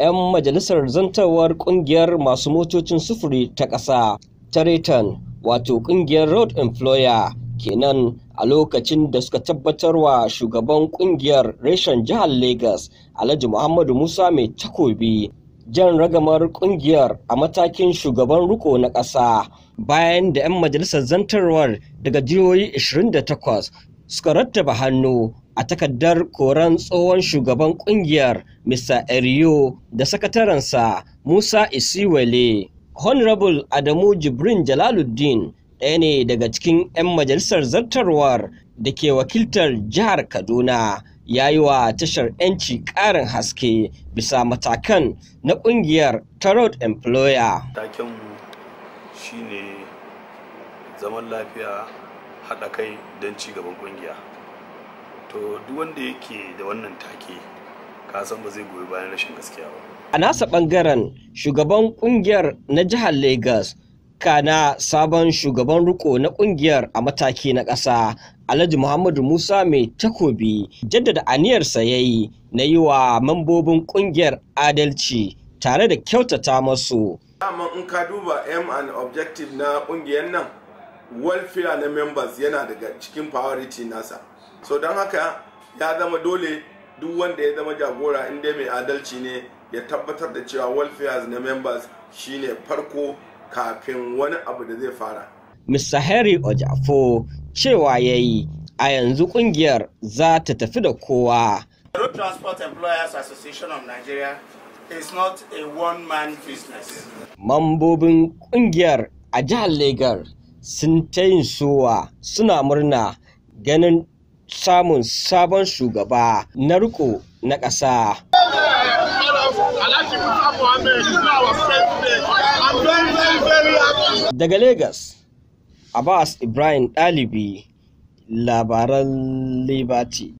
'yan majalisar zantawar kungiyar masu motocin sufuri ta ƙasa ta return wato kungiyar road employer kenan a lokacin da suka tabbatar wa shugaban kungiyar reshen jihar lagos alhaji muhammadu musa mai takobi jan ragamar kungiyar a matakin shugaban riko na ƙasa bayan da 'yan majalisar zantarwar daga jihohi 28 suka rattaba hannu a takardar koran tsohon shugaban kungiyar Mr. Eriyo da sakatarensa Musa Isiwele. Honorable Adamu Jibrin Jalaluddin ɗaya ne daga cikin 'yan majalisar zartarwar da ke wakiltar jihar Kaduna ya yi wa tashar 'yanci ƙarin haske bisa matakan na ƙungiyar ta Tarot Employer. Takenmu shi ne zaman lafiya haɗa kai don ci gaban ƙungiya. to duk wanda yake da wannan take ka san ba zai goyi bayan rashin gaskiya ba a nasa bangaren shugaban kungiyar na jihar lagos kana sabon shugaban riko na kungiyar a mataki na ƙasa alhaji muhammadu musa mai takobi jaddada aniyarsa ya yi na yi wa mambobin kungiyar adalci tare da kyautata masu. Dama in ka duba aim and objective na kungiyar nan welfare na members yana daga cikin priority nasa so don haka ya zama dole duk wanda ya zama jagora inda mai adalci ne ya tabbatar da cewa welfare na members shine farko kafin wani abu da zai fara Mr. Harry Ojafo cewa ya yi a yanzu kungiyar za ta tafi da kowa. Road Transport Employers Association of Nigeria is not a one-man business. Mambobin kungiyar a jihar Legas sun ta yin sowa suna murna ganin samun sabon shugaba na riko na ƙasa. Daga Legas, Abbas Ibrahim Ɗalibi, labaran Liberty.